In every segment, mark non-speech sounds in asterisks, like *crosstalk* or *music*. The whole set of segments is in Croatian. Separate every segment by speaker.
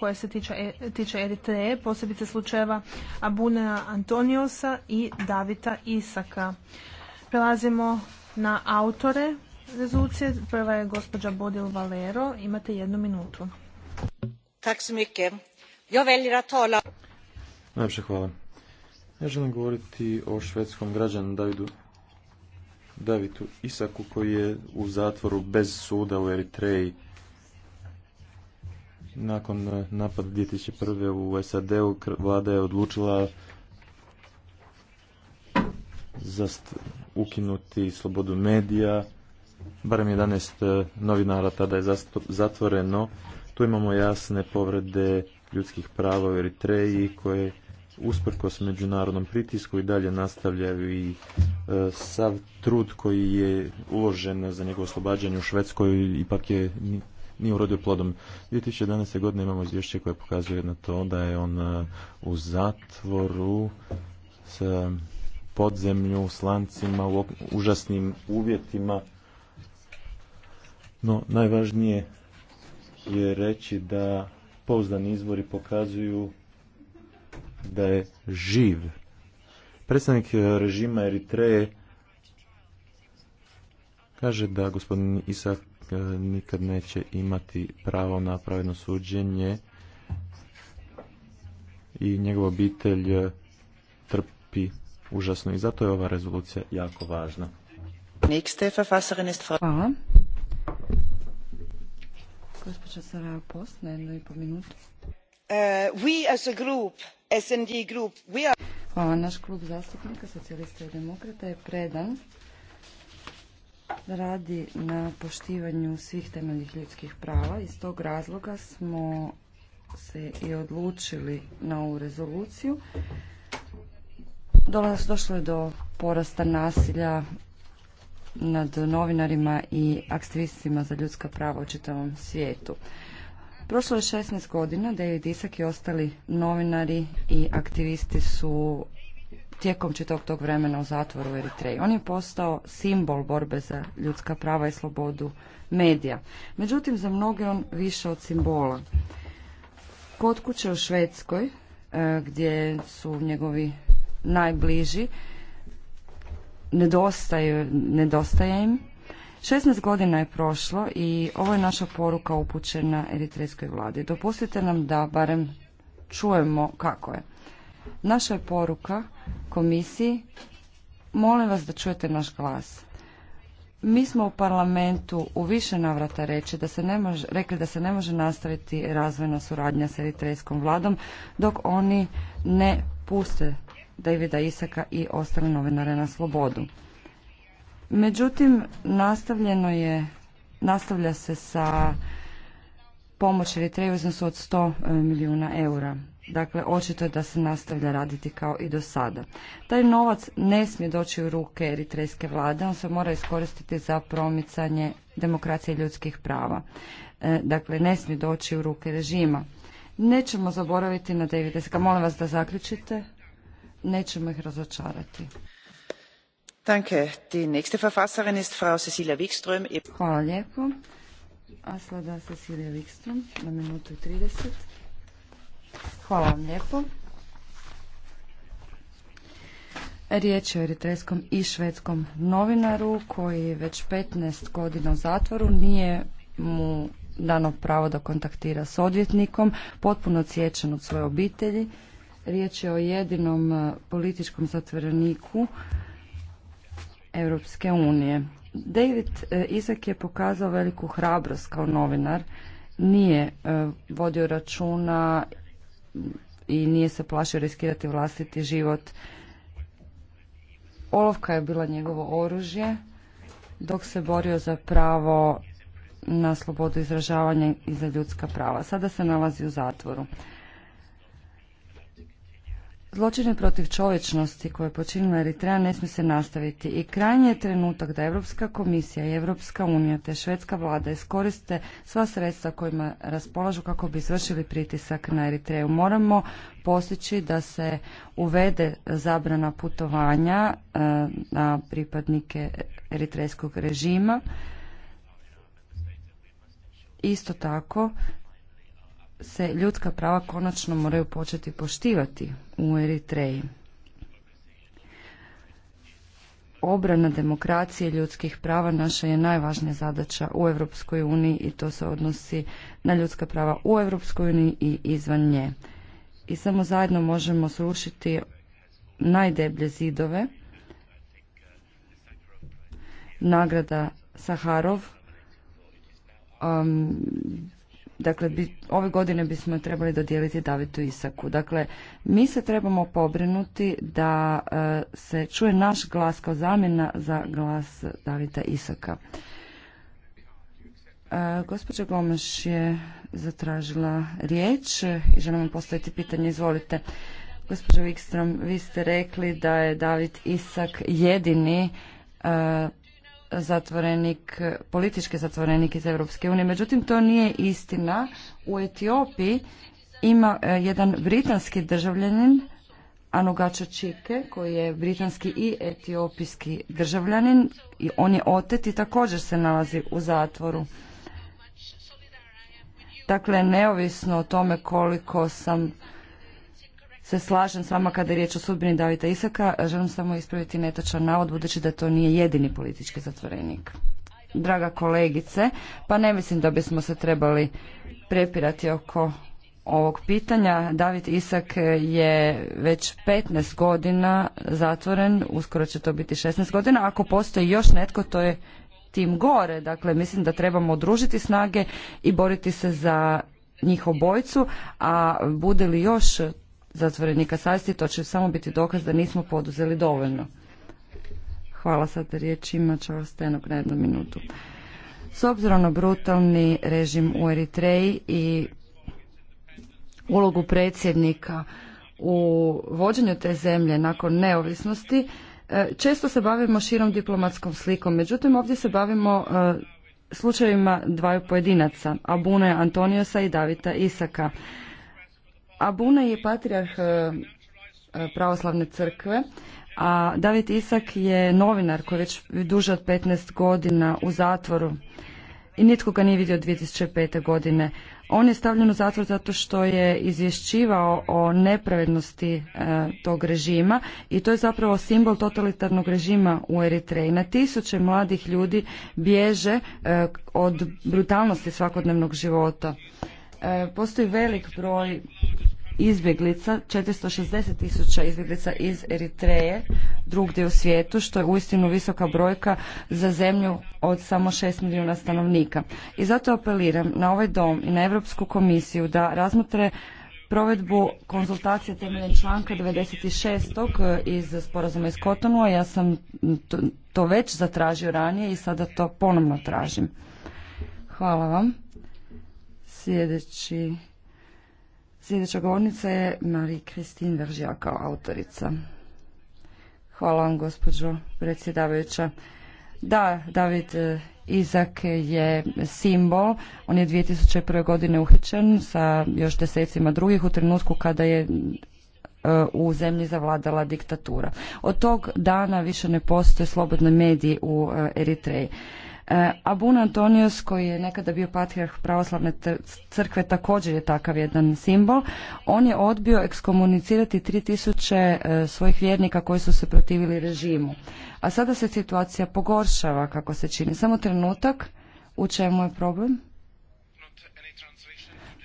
Speaker 1: koja se tiče, e, tiče Eritreje, posebice slučajeva Abunea Antoniosa i Davita Isaka. Prelazimo na autore rezolucije. Prva je gospođa Bodil Valero. Imate jednu minutu. Tak
Speaker 2: Najpše hvala. Ja želim govoriti o švedskom građanu Davidu Davitu Isaku koji je u zatvoru bez suda u Eritreji. Nakon e, napada 2001. u SAD-u vlada je odlučila ukinuti slobodu medija. Barem 11 e, novinara tada je zatvoreno. Tu imamo jasne povrede ljudskih prava u Eritreji koje usprkos međunarodnom pritisku i dalje nastavljaju i e, sav trud koji je uložen za njegovo oslobađanje u Švedskoj ipak je nije urodio plodom. 2011. godine imamo izvješće koje pokazuje na to da je on e, u zatvoru s e, podzemlju, slancima, u užasnim uvjetima. No, najvažnije je reći da pouzdani izvori pokazuju da je živ. Predstavnik e, režima Eritreje kaže da gospodin Isak E, nikad neće imati pravo na pravedno suđenje i njegova obitelj e, trpi užasno i zato je ova rezolucija jako važna.
Speaker 3: Post, na po uh, naš klub zastupnika, socijalista i demokrata je predan radi na poštivanju svih temeljnih ljudskih prava. Iz tog razloga smo se i odlučili na ovu rezoluciju. Došlo je do porasta nasilja nad novinarima i aktivistima za ljudska prava u čitavom svijetu. Prošlo je 16 godina, je disak i ostali novinari i aktivisti su tijekom čitog tog vremena u zatvoru u Eritreji. On je postao simbol borbe za ljudska prava i slobodu medija. Međutim, za mnoge on više od simbola. Kod kuće u Švedskoj, e, gdje su njegovi najbliži, nedostaje, nedostaje im. 16 godina je prošlo i ovo je naša poruka upućena eritrejskoj vladi. Dopustite nam da barem čujemo kako je. Naša je poruka komisiji, molim vas da čujete naš glas. Mi smo u parlamentu u više navrata reći da se ne može, rekli da se ne može nastaviti razvojna suradnja s eritrejskom vladom dok oni ne puste Davida Isaka i ostale novinare na slobodu. Međutim, nastavljeno je, nastavlja se sa pomoć Eritreju iznosu od 100 e, milijuna eura. Dakle, očito je da se nastavlja raditi kao i do sada. Taj novac ne smije doći u ruke eritrejske vlade, on se mora iskoristiti za promicanje demokracije i ljudskih prava. E, dakle, ne smije doći u ruke režima. Nećemo zaboraviti na Davideska. Molim vas da zaključite. Nećemo ih
Speaker 4: razočarati. Danke. Die nächste Verfasserin ist Hvala
Speaker 3: lijepo. Aslada Cecilija Wikström na minutu i 30. Hvala vam lijepo. Riječ je o eritrejskom i švedskom novinaru koji već 15 godina u zatvoru nije mu dano pravo da kontaktira s odvjetnikom, potpuno odsječen od svoje obitelji. Riječ je o jedinom e, političkom zatvoreniku Europske unije. David e, Izak je pokazao veliku hrabrost kao novinar, nije e, vodio računa i nije se plašio riskirati vlastiti život. Olovka je bila njegovo oružje dok se borio za pravo na slobodu izražavanja i za ljudska prava. Sada se nalazi u zatvoru. Zločine protiv čovječnosti koje je počinila Eritreja ne smije se nastaviti i krajnji je trenutak da Europska komisija i Evropska unija te švedska vlada iskoriste sva sredstva kojima raspolažu kako bi izvršili pritisak na Eritreju. Moramo postići da se uvede zabrana putovanja e, na pripadnike eritrejskog režima. Isto tako se ljudska prava konačno moraju početi poštivati u Eritreji. Obrana demokracije i ljudskih prava naša je najvažnija zadaća u Europskoj uniji i to se odnosi na ljudska prava u Europskoj uniji i izvan nje. I samo zajedno možemo srušiti najdeblje zidove. Nagrada Saharov um, Dakle, bi, ove godine bismo trebali dodijeliti Davidu Isaku. Dakle, mi se trebamo pobrinuti da e, se čuje naš glas kao zamjena za glas Davida Isaka. E, gospođa Gomaš je zatražila riječ i želim vam postaviti pitanje. Izvolite. Gospođo Wikstrom, vi ste rekli da je David Isak jedini e, zatvorenik, politički zatvorenik iz Europske unije. Međutim, to nije istina. U Etiopiji ima e, jedan britanski državljanin Anugača Čike, koji je britanski i etiopijski državljanin i on je otet i također se nalazi u zatvoru. Dakle, neovisno o tome koliko sam se slažem s vama kada je riječ o sudbini Davida Isaka. Želim samo ispraviti netočan navod, budući da to nije jedini politički zatvorenik. Draga kolegice, pa ne mislim da bismo se trebali prepirati oko ovog pitanja. David Isak je već 15 godina zatvoren, uskoro će to biti 16 godina. Ako postoji još netko, to je tim gore. Dakle, mislim da trebamo odružiti snage i boriti se za njih obojcu, a bude li još zatvorenika sasti, to će samo biti dokaz da nismo poduzeli dovoljno. Hvala sad riječ ima Charles Stenog na jednu minutu. S obzirom na brutalni režim u Eritreji i ulogu predsjednika u vođenju te zemlje nakon neovisnosti, e, često se bavimo širom diplomatskom slikom, međutim ovdje se bavimo e, slučajima dvaju pojedinaca, Abune Antoniosa i Davita Isaka. Abuna je patrijarh e, e, pravoslavne crkve, a David Isak je novinar koji je već duže od 15 godina u zatvoru i nitko ga nije vidio 2005. godine. On je stavljen u zatvor zato što je izvješćivao o nepravednosti e, tog režima i to je zapravo simbol totalitarnog režima u Eritreji. Na tisuće mladih ljudi bježe od brutalnosti svakodnevnog života. postoji velik broj izbjeglica, 460 tisuća izbjeglica iz Eritreje drugdje u svijetu, što je uistinu visoka brojka za zemlju od samo 6 milijuna stanovnika. I zato apeliram na ovaj dom i na Europsku komisiju da razmotre provedbu konzultacije temeljem članka 96. Eh, iz sporazuma iz a Ja sam to već zatražio ranije i sada to ponovno tražim. Hvala vam. Sljedeći Sljedeća govornica je Marie-Christine Veržija kao autorica. Hvala vam gospođo predsjedavajuća. Da, David e, Izak je simbol. On je 2001. godine uhićen sa još desecima drugih u trenutku kada je e, u zemlji zavladala diktatura. Od tog dana više ne postoje slobodne mediji u e, Eritreji. E, Abun Antonius koji je nekada bio patrijarh pravoslavne crkve, također je takav jedan simbol. On je odbio ekskomunicirati 3000 e, svojih vjernika koji su se protivili režimu. A sada se situacija pogoršava, kako se čini. Samo trenutak, u čemu je problem?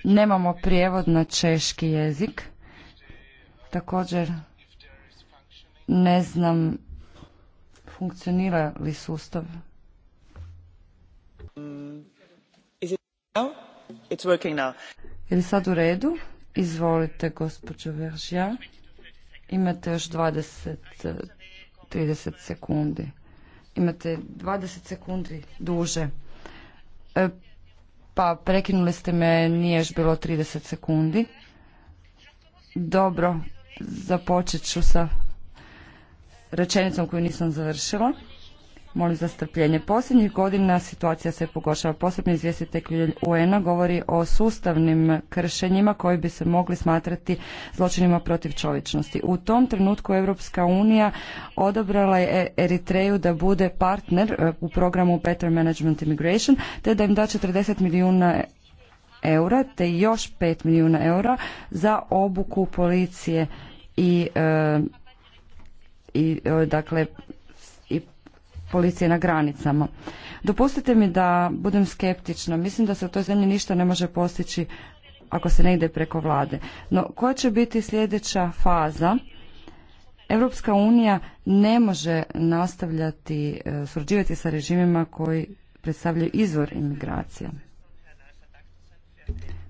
Speaker 3: Nemamo prijevod na češki jezik. Također, ne znam funkcionira li sustav
Speaker 4: je
Speaker 3: li sad u redu? Izvolite, gospođo Veržja. Imate još 20, 30 sekundi. Imate 20 sekundi duže. E, pa prekinuli ste me, nije još bilo 30 sekundi. Dobro, započet ću sa rečenicom koju nisam završila. Molim za strpljenje. Posljednjih godina situacija se pogoršava. Posebni izvjestitelj UN-a govori o sustavnim kršenjima koji bi se mogli smatrati zločinima protiv čovječnosti. U tom trenutku Europska unija odabrala je Eritreju da bude partner e, u programu Better Management Immigration te da im da 40 milijuna eura te još 5 milijuna eura za obuku policije i e, i e, dakle policije na granicama. Dopustite mi da budem skeptična. Mislim da se u toj zemlji ništa ne može postići ako se ne ide preko vlade. No, koja će biti sljedeća faza? Europska unija ne može nastavljati e, surađivati sa režimima koji predstavljaju izvor imigracija.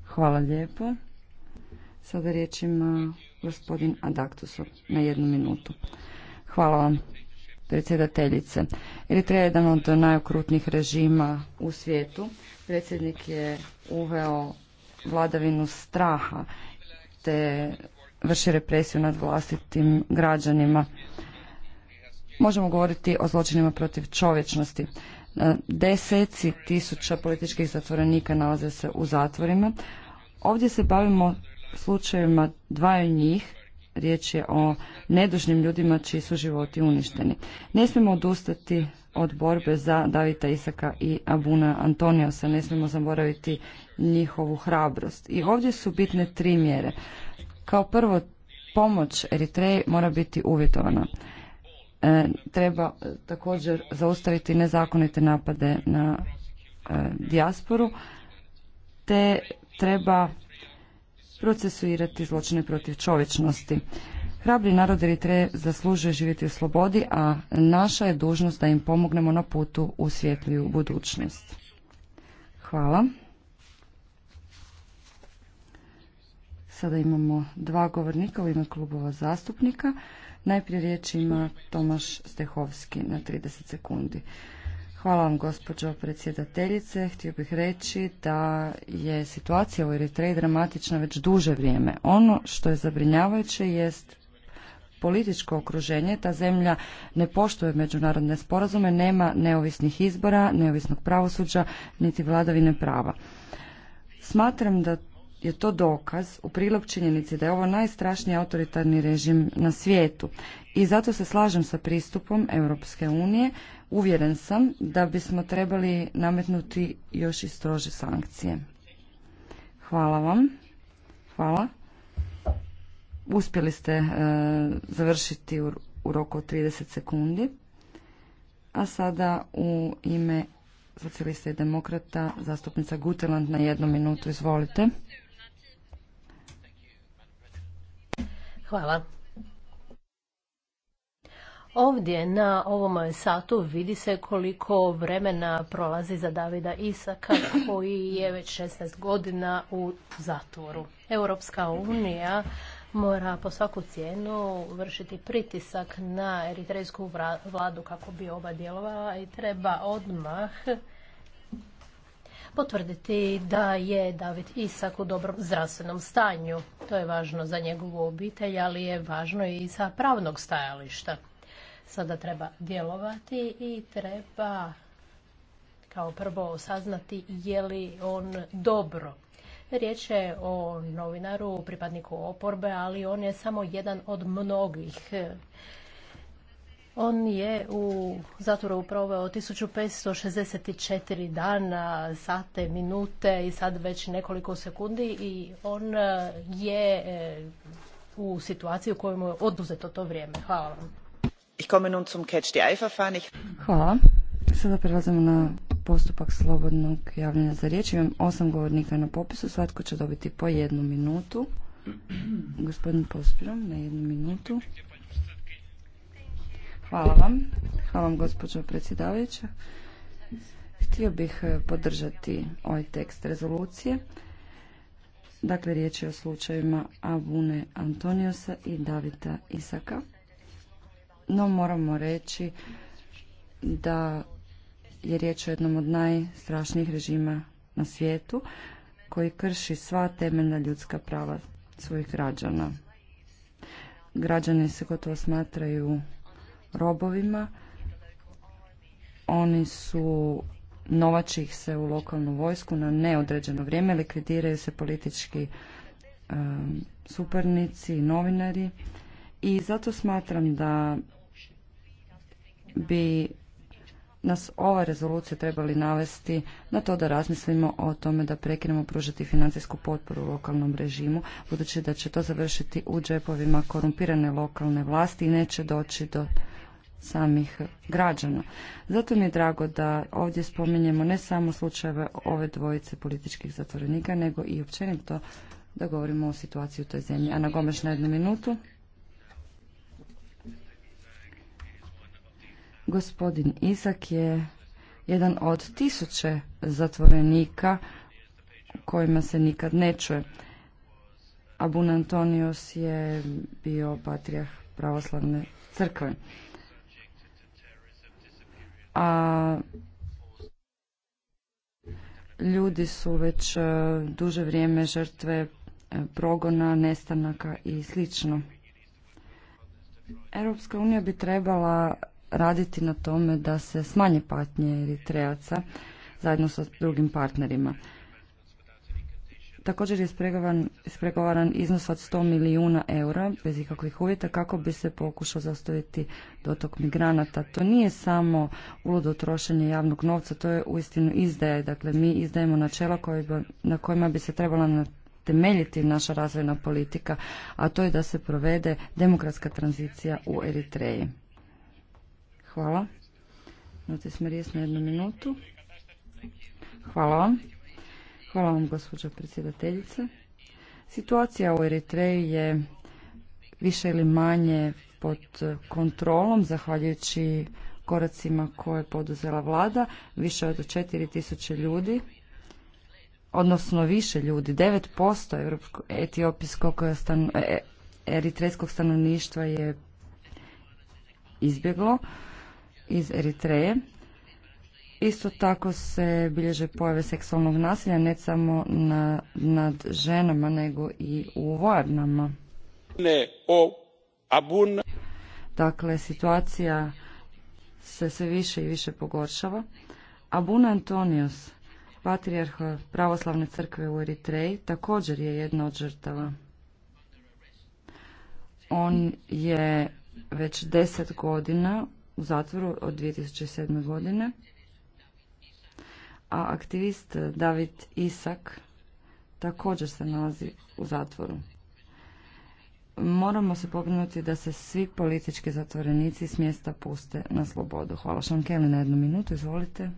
Speaker 3: Hvala lijepo. Sada riječ ima gospodin Adaktusov na jednu minutu. Hvala vam predsjedateljice. Eritreja je jedan od najokrutnijih režima u svijetu. Predsjednik je uveo vladavinu straha te vrši represiju nad vlastitim građanima. Možemo govoriti o zločinima protiv čovječnosti. Deseci tisuća političkih zatvorenika nalaze se u zatvorima. Ovdje se bavimo slučajevima dvaju njih riječ je o nedužnim ljudima čiji su životi uništeni. Ne smijemo odustati od borbe za Davita Isaka i Abuna Antoniosa, ne smijemo zaboraviti njihovu hrabrost. I ovdje su bitne tri mjere. Kao prvo, pomoć Eritreji mora biti uvjetovana. E, treba e, također zaustaviti nezakonite napade na e, dijasporu, te treba procesuirati zločine protiv čovječnosti. Hrabri narod Eritreje zaslužuje živjeti u slobodi, a naša je dužnost da im pomognemo na putu u svjetliju budućnost. Hvala. Sada imamo dva govornika u ime klubova zastupnika. Najprije riječ ima Tomaš Stehovski na 30 sekundi. Hvala vam gospođo predsjedateljice. Htio bih reći da je situacija u Eritreji dramatična već duže vrijeme. Ono što je zabrinjavajuće jest političko okruženje. Ta zemlja ne poštuje međunarodne sporazume, nema neovisnih izbora, neovisnog pravosuđa, niti vladavine prava. Smatram da je to dokaz u prilog činjenici da je ovo najstrašniji autoritarni režim na svijetu. I zato se slažem sa pristupom Europske unije Uvjeren sam da bismo trebali nametnuti još i strože sankcije. Hvala vam. Hvala. Uspjeli ste e, završiti u, roku od 30 sekundi. A sada u ime socijalista i demokrata zastupnica Guteland na jednu minutu. Izvolite.
Speaker 1: Hvala. Ovdje na ovom satu vidi se koliko vremena prolazi za Davida Isaka koji je već 16 godina u zatvoru. Europska unija mora po svaku cijenu vršiti pritisak na eritrejsku vladu kako bi oba djelovala i treba odmah potvrditi da je David Isak u dobrom zdravstvenom stanju. To je važno za njegovu obitelj, ali je važno i sa pravnog stajališta. Sada treba djelovati i treba kao prvo saznati je li on dobro. Riječ je o novinaru, pripadniku oporbe, ali on je samo jedan od mnogih. On je u zatvoru proveo 1564 dana, sate, minute i sad već nekoliko sekundi i on eh, je eh, u situaciji u kojoj mu je oduzeto to vrijeme. Hvala vam.
Speaker 3: Hvala. Sada prelazimo na postupak slobodnog javljanja za riječ. Imam osam govornika na popisu. Svatko će dobiti po jednu minutu. Gospodin Pospirom na jednu minutu. Hvala vam. Hvala vam gospođo predsjedavajuća. Htio bih e, podržati ovaj tekst rezolucije. Dakle, riječ je o slučajevima Abune Antoniosa i Davita Isaka no moramo reći da je riječ o jednom od najstrašnijih režima na svijetu koji krši sva temeljna ljudska prava svojih građana. Građani se gotovo smatraju robovima, oni su novačih se u lokalnu vojsku na neodređeno vrijeme, likvidiraju se politički um, suparnici, novinari, i zato smatram da bi nas ova rezolucija trebali navesti na to da razmislimo o tome da prekinemo pružati financijsku potporu u lokalnom režimu, budući da će to završiti u džepovima korumpirane lokalne vlasti i neće doći do samih građana. Zato mi je drago da ovdje spominjemo ne samo slučajeve ove dvojice političkih zatvorenika, nego i općenito da govorimo o situaciji u toj zemlji. Ana Gomeš na jednu minutu. Gospodin Isak je jedan od tisuće zatvorenika kojima se nikad ne čuje. Abun Antonios je bio patrijah pravoslavne crkve. A ljudi su već e, duže vrijeme žrtve e, progona, nestanaka i slično. Europska unija bi trebala raditi na tome da se smanje patnje Eritreaca zajedno sa drugim partnerima. Također je ispregovaran iznos od 100 milijuna eura bez ikakvih uvjeta kako bi se pokušao zastaviti dotok migranata. To nije samo uludo trošenje javnog novca, to je uistinu izdaje. Dakle, mi izdajemo načela na kojima bi se trebala temeljiti naša razvojna politika, a to je da se provede demokratska tranzicija u Eritreji. Hvala. smo smo na jednu minutu. Hvala vam. Hvala vam, gospođo predsjedateljice. Situacija u Eritreji je više ili manje pod kontrolom, zahvaljujući koracima koje je poduzela vlada. Više od 4000 ljudi, odnosno više ljudi, 9% etiopijskog stan, e- eritrejskog stanovništva je izbjeglo iz Eritreje. Isto tako se bilježe pojave seksualnog nasilja ne samo na, nad ženama nego i u vojarnama. Dakle, situacija se sve više i više pogoršava. Abuna Antonios, patrijarh pravoslavne crkve u Eritreji, također je jedna od žrtava. On je već deset godina u zatvoru od 2007. godine, a aktivist David Isak također se nalazi u zatvoru. Moramo se pobrinuti da se svi politički zatvorenici s mjesta puste na slobodu. Hvala Šankeli na jednu minutu, izvolite.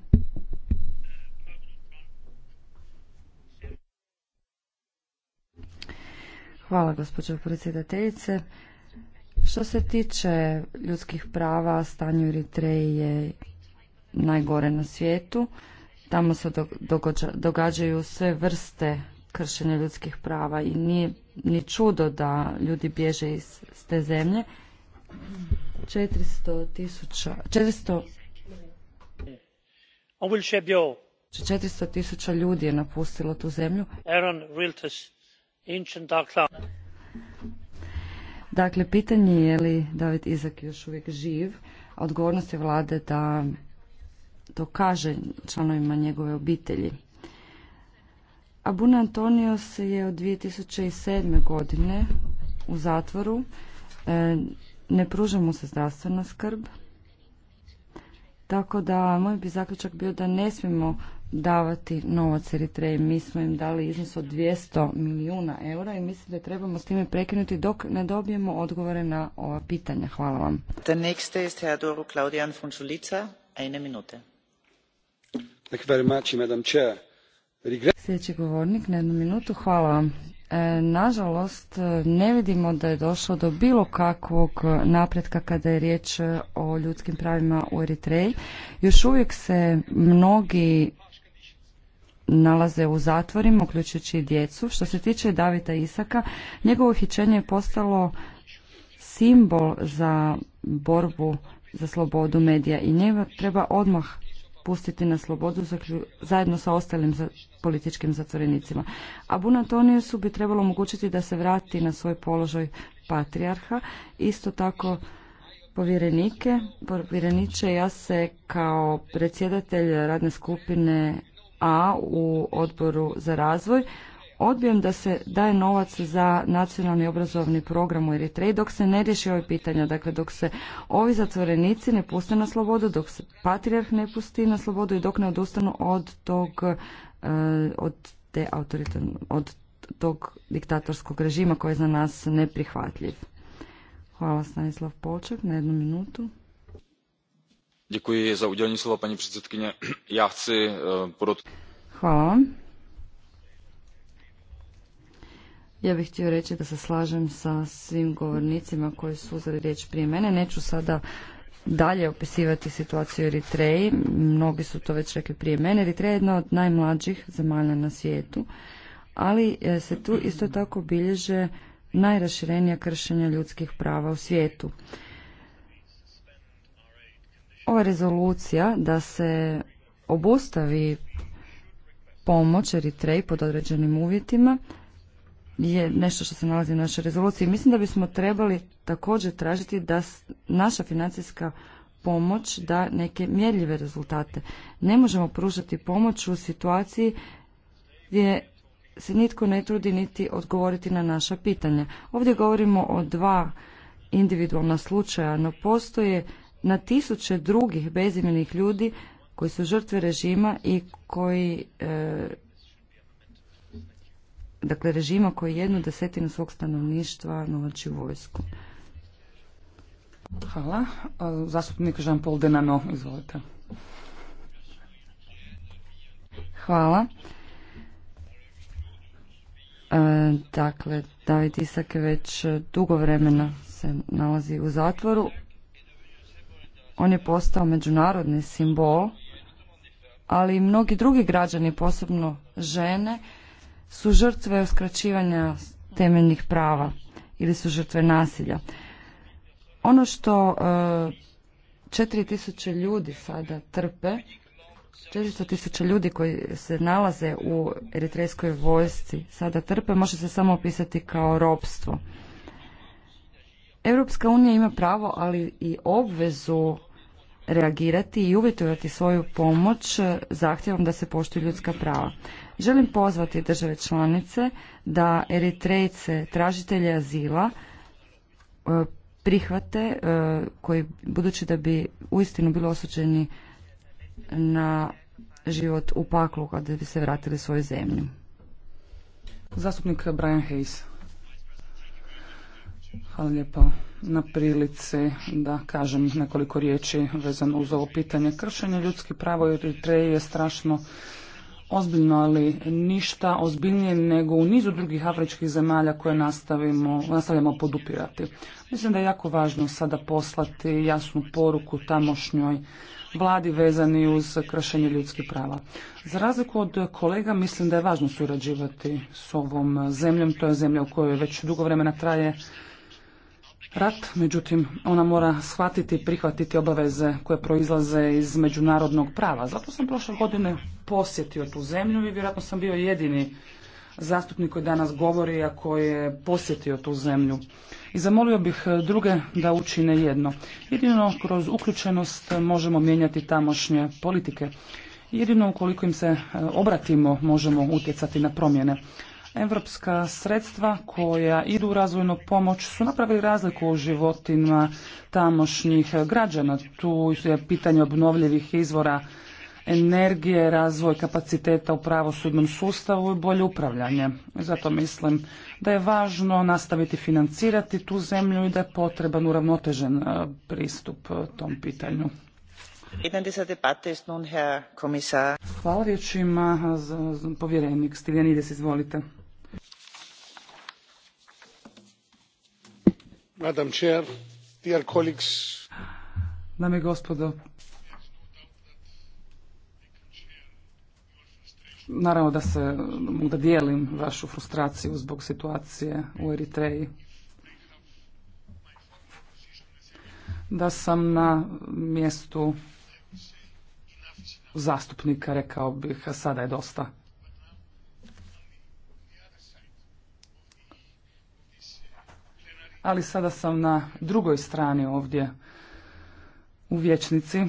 Speaker 3: Hvala gospođo predsjedateljice. Što se tiče ljudskih prava, stanje u Eritreji je najgore na svijetu. Tamo se događaju sve vrste kršenja ljudskih prava i nije ni čudo da ljudi bježe iz te zemlje. 400 tisuća, 400
Speaker 4: 400
Speaker 3: tisuća ljudi je napustilo tu zemlju. Dakle, pitanje je li David Izak još uvijek živ, a odgovornost je vlade da to kaže članovima njegove obitelji. Abuna se je od 2007. godine u zatvoru. E, ne pruža mu se zdravstvena skrb. Tako da moj bi zaključak bio da ne smijemo davati novac Eritreji. Mi smo im dali iznos od 200 milijuna eura i mislim da trebamo s time prekinuti dok ne dobijemo odgovore na ova pitanja. Hvala vam. Sljedeći govornik na jednu minutu. Hvala vam. E, nažalost, ne vidimo da je došlo do bilo kakvog napretka kada je riječ o ljudskim pravima u Eritreji. Još uvijek se mnogi nalaze u zatvorima, uključujući i djecu. Što se tiče Davida Isaka, njegovo uhićenje je postalo simbol za borbu za slobodu medija i njega treba odmah pustiti na slobodu zajedno sa ostalim političkim zatvorenicima. A Bunatoniusu bi trebalo omogućiti da se vrati na svoj položaj patrijarha. Isto tako povjerenike, povjereniče, ja se kao predsjedatelj radne skupine a u odboru za razvoj odbijem da se daje novac za nacionalni obrazovni program u Eritreji dok se ne riješi ove pitanja, dakle dok se ovi zatvorenici ne puste na slobodu, dok se patrijarh ne pusti na slobodu i dok ne odustanu od tog e, od te od tog diktatorskog režima koji je za nas neprihvatljiv. Hvala Stanislav Polčak na jednu minutu
Speaker 2: paní předsedající *clears throat* já eh,
Speaker 3: hvala ja bih htio reći da se slažem sa svim govornicima koji su uzeli riječ prije mene. neću sada dalje opisivati situaciju u eritreji mnogi su to već rekli prije mene. eritreja je jedna od najmlađih zemalja na svijetu ali eh, se tu isto tako bilježe najraširenija kršenja ljudskih prava u svijetu ova rezolucija da se obustavi pomoć Eritreji pod određenim uvjetima je nešto što se nalazi u našoj rezoluciji. Mislim da bismo trebali također tražiti da naša financijska pomoć da neke mjerljive rezultate. Ne možemo pružati pomoć u situaciji gdje se nitko ne trudi niti odgovoriti na naša pitanja. Ovdje govorimo o dva individualna slučaja, no postoje na tisuće drugih bezimljenih ljudi koji su žrtve režima i koji e, dakle režima koji jednu desetinu svog
Speaker 4: stanovništva novači u vojsku. Hvala. Zastupnik Jean-Paul Denano, izvolite.
Speaker 3: Hvala. E, dakle, David Isak već dugo vremena se nalazi u zatvoru on je postao međunarodni simbol, ali i mnogi drugi građani, posebno žene, su žrtve uskraćivanja temeljnih prava ili su žrtve nasilja. Ono što e, četiri tisuće ljudi sada trpe, 400.000 ljudi koji se nalaze u eritrejskoj vojsci sada trpe, može se samo opisati kao ropstvo. Europska unija ima pravo, ali i obvezu reagirati i uvjetovati svoju pomoć e, zahtjevom da se poštuju ljudska prava. Želim pozvati države članice da eritrejce, tražitelje azila, e, prihvate e, koji budući da bi uistinu bili osuđeni na život u paklu kada bi se vratili svoju zemlju. Zastupnik
Speaker 4: Brian Hayes. Hvala lijepo na prilici da kažem nekoliko riječi vezano uz ovo pitanje. Kršenje ljudskih prava u Eritreji je strašno ozbiljno, ali ništa ozbiljnije nego u nizu drugih afričkih zemalja koje nastavimo, nastavljamo podupirati. Mislim da je jako važno sada poslati jasnu poruku tamošnjoj vladi vezani uz kršenje ljudskih prava. Za razliku od kolega mislim da je važno surađivati s ovom zemljom, to je zemlja u kojoj već dugo vremena traje rat, međutim ona mora shvatiti i prihvatiti obaveze koje proizlaze iz međunarodnog prava. Zato sam prošle godine posjetio tu zemlju i vjerojatno sam bio jedini zastupnik koji danas govori, a koji je posjetio tu zemlju. I zamolio bih druge da učine jedno. Jedino kroz uključenost možemo mijenjati tamošnje politike. Jedino ukoliko im se e, obratimo možemo utjecati na promjene. Evropska sredstva koja idu u razvojnu pomoć su napravili razliku u životima tamošnjih građana. Tu je pitanje obnovljivih izvora energije, razvoj kapaciteta u pravosudnom sustavu i bolje upravljanje. Zato mislim da je važno nastaviti financirati tu zemlju i da je potreban uravnotežen e, pristup e, tom pitanju. Hvala riječima. E, povjerenik Stiljanides, izvolite. Dame i gospodo, naravno da se, da dijelim vašu frustraciju zbog situacije u Eritreji. Da sam na mjestu zastupnika, rekao bih, sada je dosta. ali sada sam na drugoj strani ovdje u vječnici.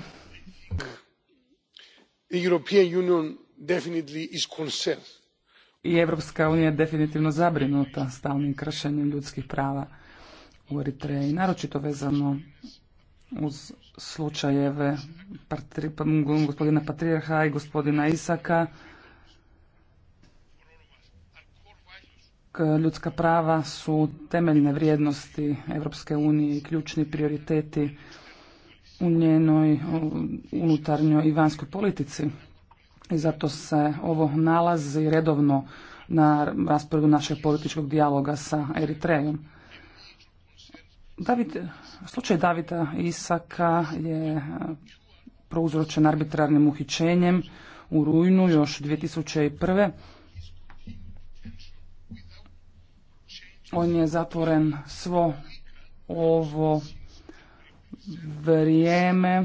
Speaker 4: I Evropska unija je definitivno zabrinuta stalnim kršenjem ljudskih prava u Eritreji, naročito vezano uz slučajeve pa, gospodina Patrijarha i gospodina Isaka, ljudska prava su temeljne vrijednosti Europske unije i ključni prioriteti u njenoj unutarnjoj i vanjskoj politici. I zato se ovo nalazi redovno na rasporedu našeg političkog dijaloga sa Eritrejom. David, slučaj Davida Isaka je prouzročen arbitrarnim uhićenjem u rujnu još 2001. on je zatvoren svo ovo vrijeme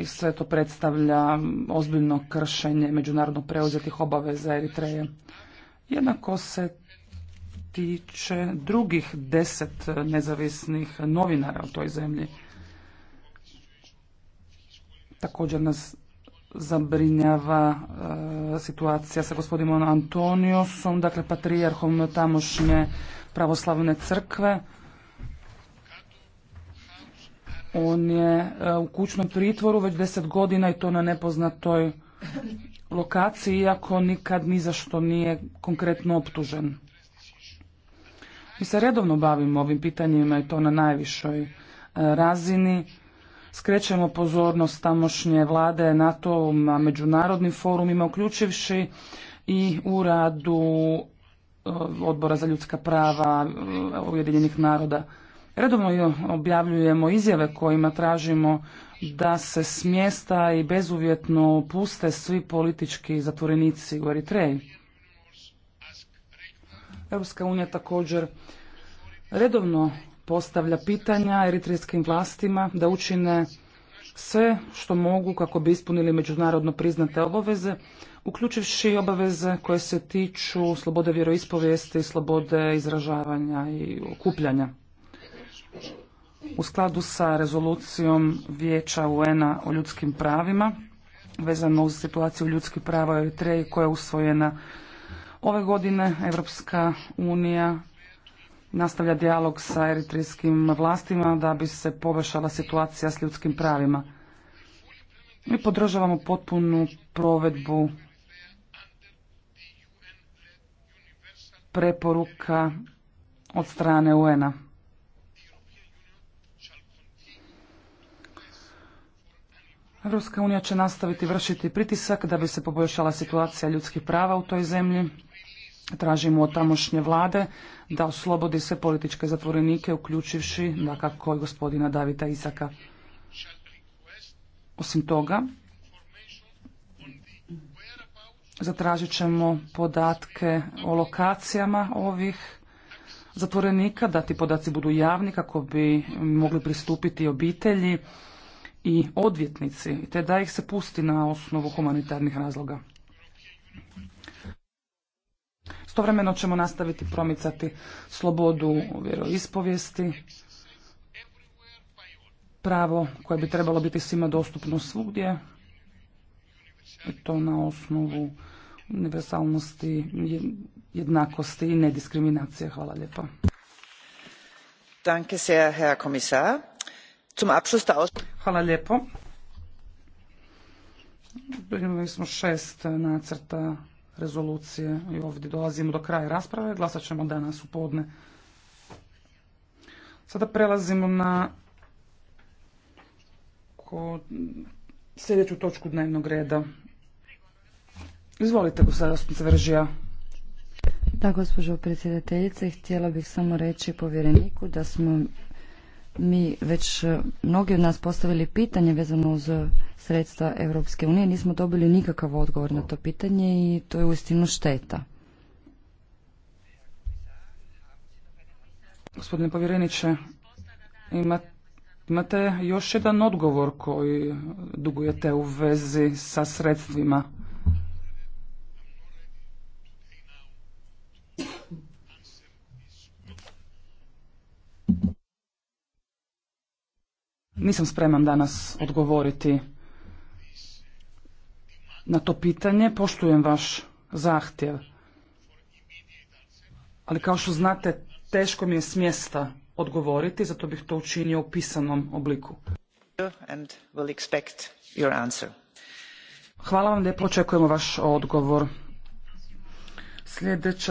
Speaker 4: i sve to predstavlja ozbiljno kršenje međunarodno preuzetih obaveza Eritreje. Jednako se tiče drugih deset nezavisnih novinara u toj zemlji. Također nas zabrinjava e, situacija sa gospodinom Antoniosom, dakle patrijarhom tamošnje pravoslavne crkve. On je e, u kućnom pritvoru već deset godina i to na nepoznatoj lokaciji, iako nikad ni za nije konkretno optužen. Mi se redovno bavimo ovim pitanjima i to na najvišoj e, razini skrećemo pozornost tamošnje vlade NATO na međunarodnim forumima, uključivši i u radu e, Odbora za ljudska prava e, Ujedinjenih naroda. Redovno objavljujemo izjave kojima tražimo da se smjesta i bezuvjetno puste svi politički zatvorenici u Eritreji. Europska unija također redovno postavlja pitanja eritrijskim vlastima da učine sve što mogu kako bi ispunili međunarodno priznate obaveze, uključivši obaveze koje se tiču slobode vjeroispovijesti, slobode izražavanja i okupljanja. U skladu sa rezolucijom Vijeća UN-a o ljudskim pravima, vezano uz situaciju ljudskih prava u Eritreji koja je usvojena ove godine, Evropska unija nastavlja dijalog sa eritrijskim vlastima da bi se poboljšala situacija s ljudskim pravima. Mi podržavamo potpunu provedbu preporuka od strane UN-a. Evropska unija će nastaviti vršiti pritisak da bi se poboljšala situacija ljudskih prava u toj zemlji Tražimo od tamošnje vlade da oslobodi sve političke zatvorenike, uključivši, dakako, i gospodina Davida Isaka. Osim toga, zatražit ćemo podatke o lokacijama ovih zatvorenika, da ti podaci budu javni kako bi mogli pristupiti obitelji i odvjetnici, te da ih se pusti na osnovu humanitarnih razloga. Istovremeno ćemo nastaviti promicati slobodu vjeroispovijesti, pravo koje bi trebalo biti svima dostupno svugdje, i to na osnovu univerzalnosti, jednakosti i nediskriminacije. Hvala lijepa. Danke sehr, Herr Kommissar. Zum Aus Hvala lijepo. Imali smo šest nacrta rezolucije i ovdje dolazimo do kraja rasprave. Glasat ćemo danas u podne. Sada prelazimo na sljedeću točku dnevnog reda. Izvolite, gospodin Veržija.
Speaker 3: Da, gospođo predsjedateljice, htjela bih samo reći povjereniku da smo mi već mnogi od nas postavili pitanje vezano uz sredstva Europske unije. Nismo dobili nikakav odgovor na to pitanje i to je uistinu šteta.
Speaker 4: Gospodine povjereniče, imate još jedan odgovor koji dugujete u vezi sa sredstvima. Nisam spreman danas odgovoriti na to pitanje, poštujem vaš zahtjev. Ali kao što znate, teško mi je s mjesta odgovoriti, zato bih to učinio u pisanom obliku. Hvala vam lijepo, očekujemo vaš odgovor. Sljedeća